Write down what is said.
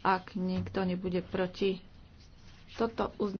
ak nikto nebude proti. Toto uzn-